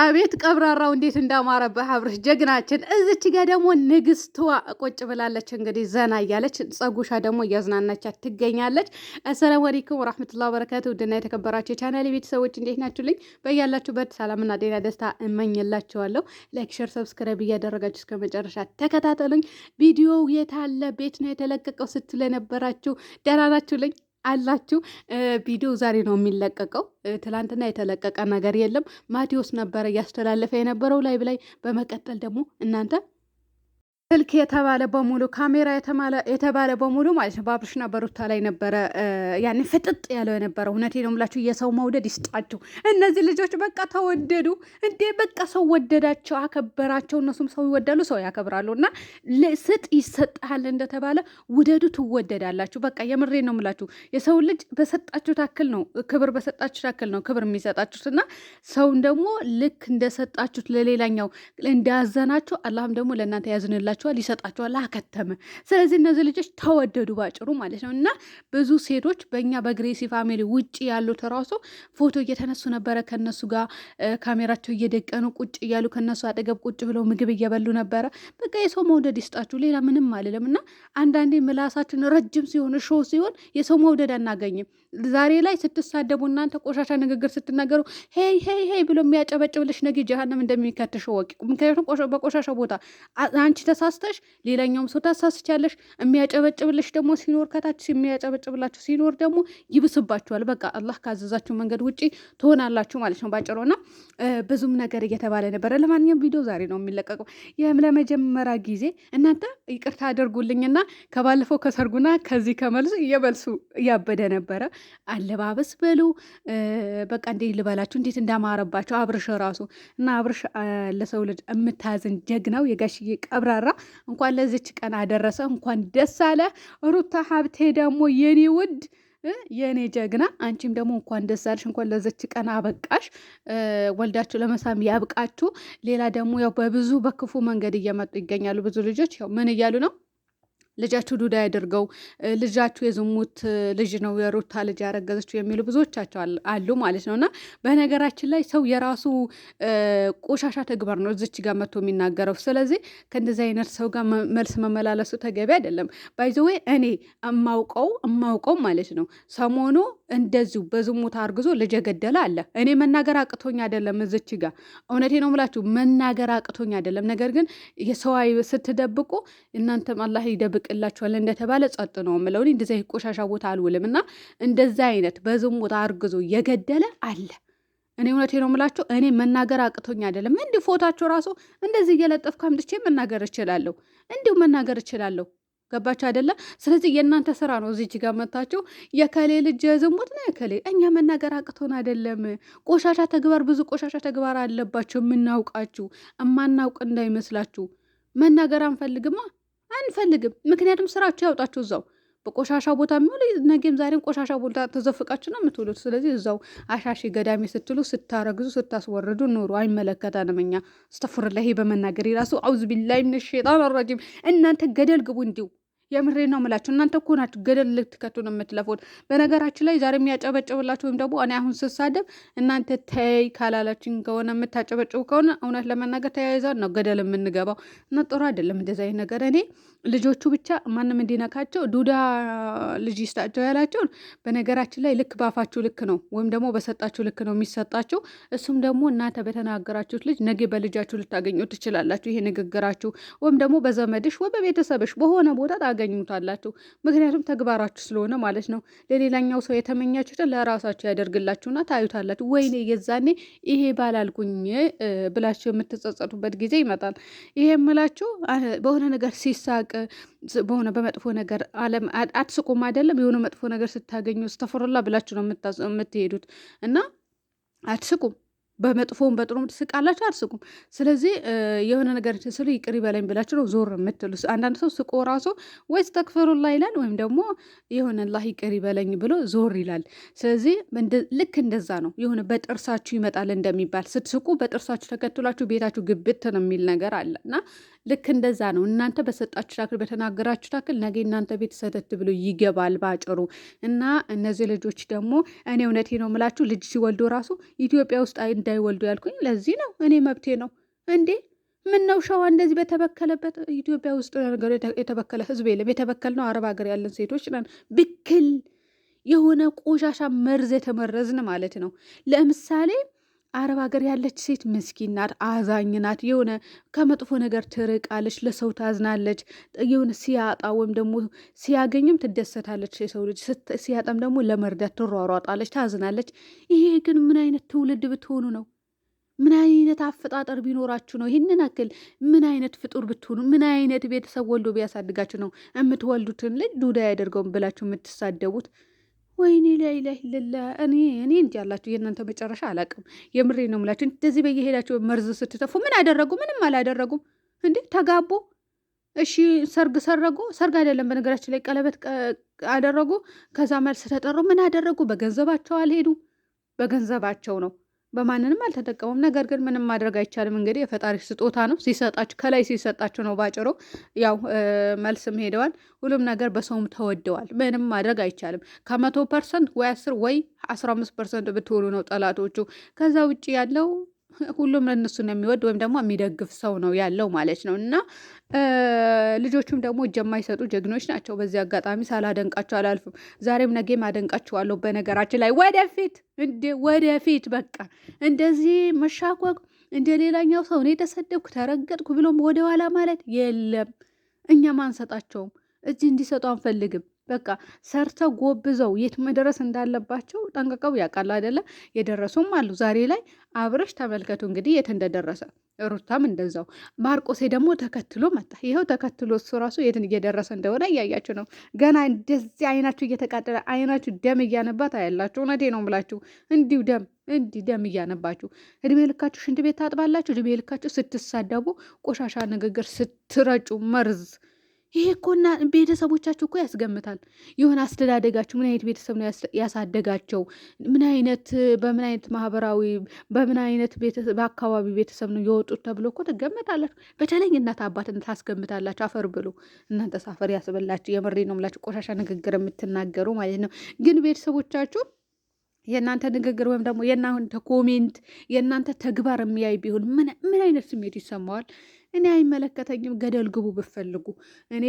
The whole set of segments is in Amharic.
አቤት ቀብራራው እንዴት እንዳማረብህ አብርሽ ጀግናችን። እዚች ጋ ደግሞ ንግስትዋ ቁጭ ብላለች፣ እንግዲህ ዘና እያለች ጸጉሻ ደግሞ እያዝናናቻት ትገኛለች። አሰላሙ አለይኩም ወራህመቱላ ወበረካቱ። ውድና የተከበራቸው የቻናል ቤተሰቦች እንዴት ናችሁልኝ? በያላችሁበት ሰላምና ጤና ደስታ እመኝላችኋለሁ። ላይክ፣ ሼር፣ ሰብስክራይብ እያደረጋችሁ እስከ መጨረሻ ተከታተሉኝ። ቪዲዮው የታለ ቤት ነው የተለቀቀው ስትሉ የነበራችሁ ደህና ናችሁልኝ? አላችሁ ቪዲዮ ዛሬ ነው የሚለቀቀው። ትላንትና የተለቀቀ ነገር የለም። ማቴዎስ ነበረ እያስተላለፈ የነበረው ላይብ ላይ። በመቀጠል ደግሞ እናንተ ስልክ የተባለ በሙሉ ካሜራ የተባለ በሙሉ ማለት ነው በአብርሽና በሩታ ላይ ነበረ ያኔ ፍጥጥ ያለው የነበረ። እውነቴን ነው የምላችሁ፣ የሰው መውደድ ይስጣችሁ። እነዚህ ልጆች በቃ ተወደዱ እንዴ! በቃ ሰው ወደዳቸው፣ አከበራቸው። እነሱም ሰው ይወዳሉ፣ ሰው ያከብራሉ። እና ስጥ ይሰጥሃል እንደተባለ ውደዱ፣ ትወደዳላችሁ። በቃ የምሬ ነው ምላችሁ። የሰው ልጅ በሰጣችሁ ታክል ነው ክብር፣ በሰጣችሁ ታክል ነው ክብር የሚሰጣችሁት። እና ሰውን ደግሞ ልክ እንደሰጣችሁት ለሌላኛው እንዳዘናችሁ አላህም ደግሞ ለእናንተ ያዝንላችሁ። ይሰጣችኋል፣ ይሰጣችኋል፣ አከተመ። ስለዚህ እነዚህ ልጆች ተወደዱ ባጭሩ ማለት ነው። እና ብዙ ሴቶች በእኛ በግሬሲ ፋሚሊ ውጭ ያሉት ራሱ ፎቶ እየተነሱ ነበረ ከነሱ ጋር ካሜራቸው እየደቀኑ ቁጭ እያሉ ከነሱ አጠገብ ቁጭ ብለው ምግብ እየበሉ ነበረ። በቃ የሰው መውደድ ይስጣችሁ፣ ሌላ ምንም አልልም። እና አንዳንዴ ምላሳችን ረጅም ሲሆን ሾ ሲሆን የሰው መውደድ አናገኝም። ዛሬ ላይ ስትሳደቡ እናንተ ቆሻሻ ንግግር ስትናገሩ ሄይ ሄይ ሄይ ብሎ የሚያጨበጭብልሽ ነገ ጀሃነም እንደሚከትሽ ወቂ። ምክንያቱም በቆሻሻ ቦታ አንቺ ተሳስተሽ ሌላኛውም ሰው ታሳስቻለሽ። የሚያጨበጭብልሽ ደግሞ ሲኖር ከታች የሚያጨበጭብላችሁ ሲኖር ደግሞ ይብስባችኋል። በቃ አላህ ካዘዛችሁ መንገድ ውጭ ትሆናላችሁ ማለት ነው ባጭሩ። እና ብዙም ነገር እየተባለ ነበረ። ለማንኛውም ቪዲዮ ዛሬ ነው የሚለቀቀው ለመጀመሪያ ጊዜ እናንተ ይቅርታ አድርጉልኝና ከባለፈው ከሰርጉና ከዚህ ከመልሱ የመልሱ እያበደ ነበረ። አለባበስ በሉ በቃ እንዴ ልበላችሁ እንዴት እንዳማረባቸው አብርሽ ራሱ እና አብርሽ ለሰው ልጅ የምታዝን ጀግናው የጋሽዬ ቀብራራ እንኳን ለዚች ቀን አደረሰ፣ እንኳን ደስ አለ። ሩታ ሀብቴ ደግሞ የኔ ውድ የእኔ ጀግና አንቺም ደግሞ እንኳን ደስ አለሽ፣ እንኳን ለዘች ቀን አበቃሽ። ወልዳችሁ ለመሳም ያብቃችሁ። ሌላ ደግሞ ያው በብዙ በክፉ መንገድ እየመጡ ይገኛሉ። ብዙ ልጆች ያው ምን እያሉ ነው ልጃችሁ ዱዳ ያደርገው፣ ልጃችሁ የዝሙት ልጅ ነው የሩታ ልጅ ያረገዘችው የሚሉ ብዙዎቻቸው አሉ ማለት ነው። እና በነገራችን ላይ ሰው የራሱ ቆሻሻ ተግባር ነው እዚች ጋር መጥቶ የሚናገረው። ስለዚህ ከእንደዚህ አይነት ሰው ጋር መልስ መመላለሱ ተገቢ አይደለም። ባይዘወይ እኔ እማውቀው እማውቀው ማለት ነው ሰሞኑ እንደዚሁ በዝሙት አርግዞ ልጅ የገደለ አለ። እኔ መናገር አቅቶኝ አይደለም፣ እዝች ጋር እውነቴ ነው ምላችሁ መናገር አቅቶኝ አይደለም። ነገር ግን የሰዋይ ስትደብቁ እናንተም አላህ ይደብቅላችኋል እንደተባለ ጸጥ ነው ምለው እንደዚ ቆሻሻ ቦታ አልውልም እና እንደዛ አይነት በዝሙት አርግዞ የገደለ አለ። እኔ እውነቴ ነው የምላችሁ እኔ መናገር አቅቶኝ አይደለም። እንዲህ ፎታቸው ራሱ እንደዚህ እየለጠፍኩ አምጥቼ መናገር እችላለሁ፣ እንዲሁ መናገር እችላለሁ። ገባች አይደለ? ስለዚህ የእናንተ ስራ ነው። እዚች ጋር መታችሁ የከሌ ልጅ ዝሙት ነው የከሌ እኛ መናገር አቅቶን አይደለም። ቆሻሻ ተግባር፣ ብዙ ቆሻሻ ተግባር አለባቸው የምናውቃችሁ። እማናውቅ እንዳይመስላችሁ መናገር አንፈልግማ አንፈልግም። ምክንያቱም ስራችሁ ያውጣችሁ እዛው በቆሻሻ ቦታ የሚውል ነገም ዛሬም ቆሻሻ ቦታ ተዘፍቃችሁ ነው የምትውሉት። ስለዚህ እዛው አሻሺ ገዳሚ ስትሉ ስታረግዙ ስታስወርዱ ኑሩ። አይመለከታንም እኛ። ላይ በመናገር የራሱ አውዝ ቢላይ ሸጣን አራጅም እናንተ ገደል ግቡ እንዲሁ የምሬ ነው ምላችሁ። እናንተ እኮ ናችሁ ገደል ልትከቱ ነው የምትለፉት። በነገራችን ላይ ዛሬ የሚያጨበጭብላችሁ ወይም ደግሞ እኔ አሁን ስሳደብ እናንተ ተይ ካላላችን ከሆነ የምታጨበጭቡ ከሆነ እውነት ለመናገር ተያይዘን ነው ገደል የምንገባው እና ጥሩ አይደለም እንደዚያ አይነት ነገር። እኔ ልጆቹ ብቻ ማንም እንዲነካቸው ዱዳ ልጅ ይስጣቸው ያላቸውን በነገራችን ላይ ልክ ባፋችሁ ልክ ነው ወይም ደግሞ በሰጣችሁ ልክ ነው የሚሰጣችሁ። እሱም ደግሞ እናንተ በተናገራችሁት ልጅ ነገ በልጃችሁ ልታገኙ ትችላላችሁ። ይሄ ንግግራችሁ ወይም ደግሞ በዘመድሽ ወይ በቤተሰብሽ በሆነ ቦታ ታገኙታላችሁ። ምክንያቱም ተግባራችሁ ስለሆነ ማለት ነው። ለሌላኛው ሰው የተመኛችሁትን ለራሳችሁ ያደርግላችሁና ታዩታላችሁ። ወይኔ የዛኔ ይሄ ባላልኩኝ ብላችሁ የምትጸጸቱበት ጊዜ ይመጣል። ይሄ የምላችሁ በሆነ ነገር ሲሳቅ በሆነ በመጥፎ ነገር አለም አትስቁም አይደለም። የሆነ መጥፎ ነገር ስታገኙ ስተፈሮላ ብላችሁ ነው የምትሄዱት እና አትስቁም በመጥፎም በጥሩም ትስቃላችሁ፣ አልስቁም። ስለዚህ የሆነ ነገር ስል ይቅር ይበለኝ ብላችሁ ነው ዞር የምትሉ። አንዳንድ ሰው ስቆ ራሱ ወይስ ተክፈሩላ ይላል ወይም ደግሞ የሆነ ላ ይቅር ይበለኝ ብሎ ዞር ይላል። ስለዚህ ልክ እንደዛ ነው። የሆነ በጥርሳችሁ ይመጣል እንደሚባል ስትስቁ በጥርሳችሁ ተከትሏችሁ ቤታችሁ ግብት ነው የሚል ነገር አለ እና ልክ እንደዛ ነው። እናንተ በሰጣችሁ ታክል በተናገራችሁ ታክል ነገ እናንተ ቤት ሰተት ብሎ ይገባል ባጭሩ። እና እነዚህ ልጆች ደግሞ እኔ እውነቴ ነው የምላችሁ ልጅ ሲወልዱ ራሱ ኢትዮጵያ ውስጥ እንዳይወልዱ ያልኩኝ ለዚህ ነው። እኔ መብቴ ነው እንዴ ምን ነው ሸዋ እንደዚህ በተበከለበት ኢትዮጵያ ውስጥ ነገሩ የተበከለ ህዝብ የለም። የተበከል ነው አረብ ሀገር ያለን ሴቶች ነን። ብክል የሆነ ቆሻሻ መርዝ የተመረዝን ማለት ነው። ለምሳሌ አረብ ሀገር ያለች ሴት ምስኪን ናት፣ አዛኝ ናት። የሆነ ከመጥፎ ነገር ትርቃለች፣ ለሰው ታዝናለች። የሆነ ሲያጣ ወይም ደግሞ ሲያገኝም ትደሰታለች። የሰው ልጅ ሲያጣም ደግሞ ለመርዳት ትሯሯጣለች፣ ታዝናለች። ይሄ ግን ምን አይነት ትውልድ ብትሆኑ ነው? ምን አይነት አፈጣጠር ቢኖራችሁ ነው ይህንን አክል? ምን አይነት ፍጡር ብትሆኑ፣ ምን አይነት ቤተሰብ ወልዶ ቢያሳድጋችሁ ነው የምትወልዱትን ልጅ ዱዳ ያደርገውን ብላችሁ የምትሳደቡት? ወይኔ ላይ ላይ ለላ እኔ እኔ እንዲ ያላችሁ የእናንተ መጨረሻ አላውቅም። የምሬ ነው ምላችሁ። እንደዚህ በየሄዳችሁ መርዝ ስትተፉ ምን አደረጉ? ምንም አላደረጉም። እንዴ ተጋቡ። እሺ ሰርግ ሰረጉ። ሰርግ አይደለም በነገራችን ላይ ቀለበት አደረጉ። ከዛ መልስ ተጠሩ። ምን አደረጉ? በገንዘባቸው አልሄዱ። በገንዘባቸው ነው በማንንም አልተጠቀሙም። ነገር ግን ምንም ማድረግ አይቻልም። እንግዲህ የፈጣሪ ስጦታ ነው ሲሰጣቸው ከላይ ሲሰጣቸው ነው። ባጭሩ ያው መልስም ሄደዋል። ሁሉም ነገር በሰውም ተወደዋል። ምንም ማድረግ አይቻልም። ከመቶ ፐርሰንት ወይ አስር ወይ አስራ አምስት ፐርሰንት ብትሆኑ ነው ጠላቶቹ። ከዛ ውጭ ያለው ሁሉም እነሱን የሚወድ ወይም ደግሞ የሚደግፍ ሰው ነው ያለው ማለት ነው። እና ልጆቹም ደግሞ እጅ የማይሰጡ ጀግኖች ናቸው። በዚህ አጋጣሚ ሳላደንቃቸው አላልፍም። ዛሬም ነገም አደንቃቸዋለሁ። በነገራችን ላይ ወደፊት እንደ ወደፊት በቃ እንደዚህ መሻቆቅ እንደ ሌላኛው ሰው እኔ ተሰደብኩ ተረገጥኩ ብሎም ወደኋላ ማለት የለም። እኛም አንሰጣቸውም፣ እዚህ እንዲሰጡ አንፈልግም። በቃ ሰርተ ጎብዘው የት መድረስ እንዳለባቸው ጠንቅቀው ያውቃል አይደለ? የደረሱም አሉ። ዛሬ ላይ አብረሽ ተመልከቱ እንግዲህ የት እንደደረሰ። ሩታም እንደዛው። ማርቆሴ ደግሞ ተከትሎ መጣ። ይኸው ተከትሎ እሱ ራሱ የት እየደረሰ እንደሆነ እያያችሁ ነው። ገና እንደዚህ አይናችሁ እየተቃጠለ አይናችሁ ደም እያነባት አያላችሁ። እውነቴ ነው ምላችሁ፣ እንዲሁ ደም እንዲህ ደም እያነባችሁ እድሜ ልካችሁ ሽንት ቤት ታጥባላችሁ። እድሜ ልካችሁ ስትሳደቡ፣ ቆሻሻ ንግግር ስትረጩ መርዝ ይሄ እኮና ቤተሰቦቻችሁ እኮ ያስገምታል። የሆነ አስተዳደጋችሁ ምን አይነት ቤተሰብ ነው ያሳደጋቸው? ምን አይነት በምን አይነት ማህበራዊ በምን አይነት በአካባቢ ቤተሰብ ነው የወጡት ተብሎ እኮ ትገምታላችሁ። በተለይ እናት አባትን ታስገምታላችሁ። አፈር ብሎ እናንተ ሳፈር ያስበላችሁ። የምሬ ነው የምላችሁ። ቆሻሻ ንግግር የምትናገሩ ማለት ነው። ግን ቤተሰቦቻችሁ የእናንተ ንግግር ወይም ደግሞ የእናንተ ኮሜንት የእናንተ ተግባር የሚያይ ቢሆን ምን አይነት ስሜት ይሰማዋል? እኔ አይመለከተኝም። ገደል ግቡ ብፈልጉ። እኔ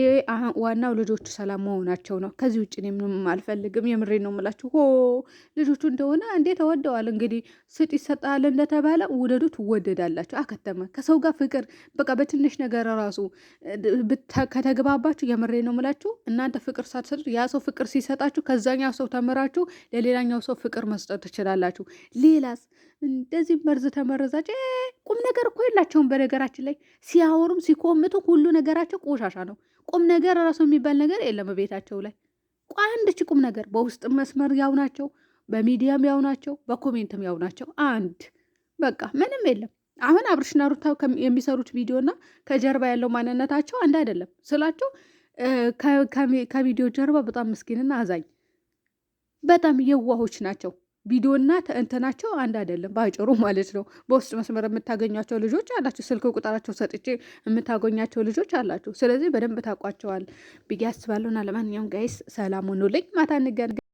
ዋናው ልጆቹ ሰላም መሆናቸው ነው። ከዚህ ውጭ እኔ ምንም አልፈልግም። የምሬ ነው የምላችሁ። ሆ ልጆቹ እንደሆነ እንዴ ተወደዋል። እንግዲህ ስጥ ይሰጣል እንደተባለ ውደዱ፣ ትወደዳላችሁ። አከተመ። ከሰው ጋር ፍቅር በቃ በትንሽ ነገር ራሱ ከተግባባችሁ፣ የምሬ ነው የምላችሁ እናንተ ፍቅር ሳትሰጡ ያ ሰው ፍቅር ሲሰጣችሁ ከዛኛው ሰው ተምራችሁ ለሌላኛው ሰው ፍቅር መስጠት ትችላላችሁ። ሌላስ እንደዚህ መርዝ ተመረዛችሁ። ቁም ነገር እኮ የላቸውም በነገራችን ላይ ሲያወሩም ሲቆምቱ ሁሉ ነገራቸው ቆሻሻ ነው። ቁም ነገር ራሱ የሚባል ነገር የለም ቤታቸው ላይ አንድች ቁም ነገር። በውስጥ መስመር ያው ናቸው፣ በሚዲያም ያው ናቸው፣ በኮሜንትም ያው ናቸው። አንድ በቃ ምንም የለም። አሁን አብርሽና ሩታ የሚሰሩት ቪዲዮና ከጀርባ ያለው ማንነታቸው አንድ አይደለም ስላቸው ከቪዲዮ ጀርባ በጣም ምስኪንና አዛኝ በጣም የዋሆች ናቸው። ቪዲዮና ተእንተናቸው አንድ አይደለም፣ ባጭሩ ማለት ነው። በውስጥ መስመር የምታገኟቸው ልጆች አላቸው፣ ስልክ ቁጥራቸው ሰጥቼ የምታገኛቸው ልጆች አላቸው። ስለዚህ በደንብ ታውቋቸዋል ብዬ አስባለሁና ለማንኛውም ጋይስ ሰላም ሆኖልኝ ማታ እንገናኝ።